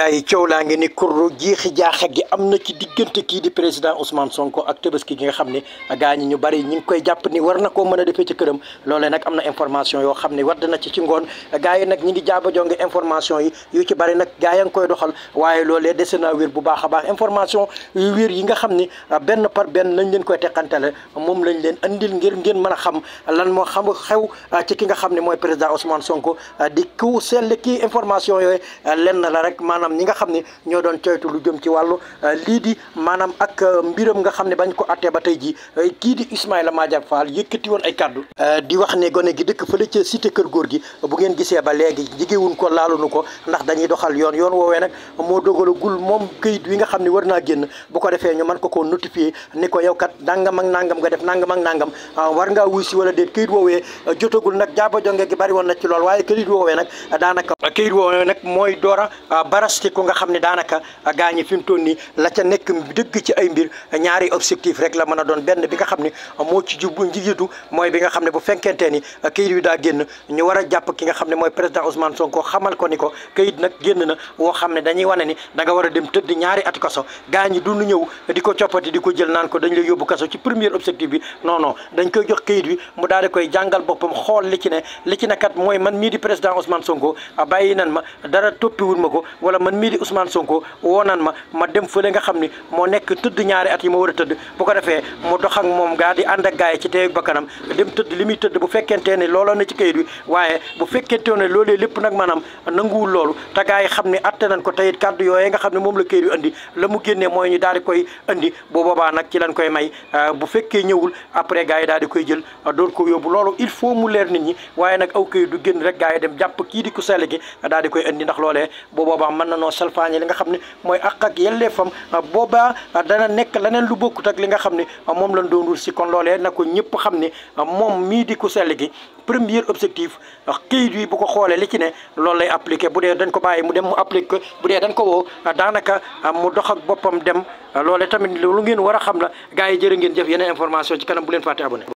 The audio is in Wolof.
yéenekaay yi coow laa ngi ni kurru jiixi jaaxa gi am na ci diggante kii di président Ousmane Sonko ak Tabaski gi nga xam ne gaa ñi ñu bari ñu ngi koy jàpp ni war na koo mën a defee ci këram loolee nag am na information yoo xam ne wadd na ci ci ngoon gaa yi nag ñi ngi jaaba jonge information yi yu ci bari nag gaa koy doxal waaye loolee dese naa wér bu baax a baax information yu yi nga xam ne ah, benn par benn lañ leen koy teqantale moom lañ leen indil ngir ngeen mën a xam lan moo xam xew ah, ci ki nga xam ne mooy président Ousmane Sonko ah, di ku sell kii information yooyu lenn la rek maanaam ñi nga xam ni ñoo doon ceytu lu jëm ci wàllu euh, lii di maanaam ak euh, mbiram nga xam ne bañ ko attee ba tey ji euh, kii di Ismaïla Madior Fall yëkkati woon ay kàddu di wax ne gone gi dëkk fële ci cité kër góor gi bu ngeen gisee ba léegi jigéewuñ ko laalu laaluñu ko ndax dañuy doxal yoon yoon woowee nag moo dogalagul moom këyit wi nga xam ne war naa génn bu ko defee ñu man ko koo notifié ni ko yow kat nangam ak nangam nga def nangam ak nangam war ngaa wuy si wala déet këyit woowee jotagul nag jaaba jonge gi bari woon na ci lool waaye këyit woowee nag daanaka këyit woowee nag mooy doora ci ko nga xam ne daanaka gaañi fi mu toll nii la ca nekk dëgg ci ay mbir ñaari objectif rek la mën a doon benn bi nga xam ne moo ci jub njiitu mooy bi nga xam ne boo fekkente ni kayit wi daa génn ñu war a jàpp ki nga xam ne mooy président Ousmane Sonko xamal ko ni ko kayit nag génn na woo xam ne dañuy wane ni da nga war a dem tëdd ñaari at kaso gaañi du ñu ñëw di ko coppati di ko jël naan ko dañ lay yóbbu kaso ci premier objectif bi non dañ koy jox kayit wi mu daal di koy jàngal boppam xool li ci ne li ci ne mooy man mii di président Ousmane Sonko bàyyi nan ma dara toppiwul ma ko wala man mii di Ousmane Sonko woo naan ma ma dem fële nga xam ni moo nekk tëdd ñaari at yi ma war a tëdd bu ko defee mu dox ak moom gaa di ànd ak gaay ci teew ba kanam dem tëdd li muy tëdd bu fekkente ne looloo na ci kayit bi waaye bu fekkente ne loolee lépp nag maanaam nanguwul loolu te gaay yi xam ne atte nañ ko tayit kàddu yooye nga xam ne moom la kayit bi andi la mu génnee mooy ñu daal di koy andi boo boobaa nag ci lañ koy may euh, bu fekkee ñëwul après gaay yi daal di koy jël euh, doon ko yóbbu loolu il faut mu leer nit ñi waaye nag aw kayit du génn rek gaay yi dem jàpp kii di ku sell gi di koy andi ndax loolee man nanoo salfaañe li nga xam ne mooy àq ak yelleefam ah, boobaa ah, dana nekk leneen lu bokkut ak li nga xam ne ah, moom lañ doon si kon loolee na ko ñëpp xam ne moom mii di ku sell gi premier objectif këyit yi bu ko xoolee li ci ne loolu lay appliqué bu dee dañ ko bàyyi mu dem mu appliqué bu dee dañ ko woo daanaka mu dox ak boppam dem loole tamit lu ngeen war a xam la gars yi jërë ngeen jëf yeneen information ci kanam bu leen fàtte abonné